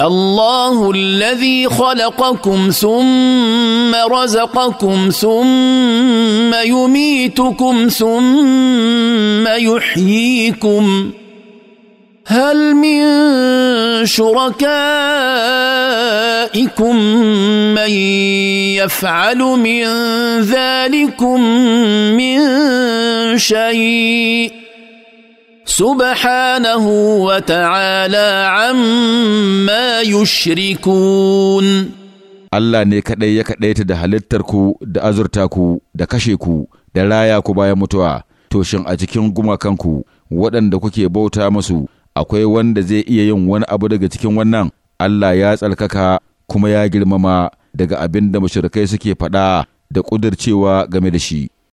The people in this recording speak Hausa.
الله الذي خلقكم ثم رزقكم ثم يميتكم ثم يحييكم هل من شركائكم من يفعل من ذلكم من شيء سبحانه وتعالى عما yushirikun Allah ne kaɗai ya kaɗaita da ku da azurta ku da kashe ku da raya ku bayan mutuwa, to shin a cikin gumakanku waɗanda kuke bauta masu akwai wanda zai iya yin wani abu daga cikin wannan Allah ya tsalkaka kuma ya girmama daga abin da mashirkai suke faɗa da ƙudurcewa game da shi.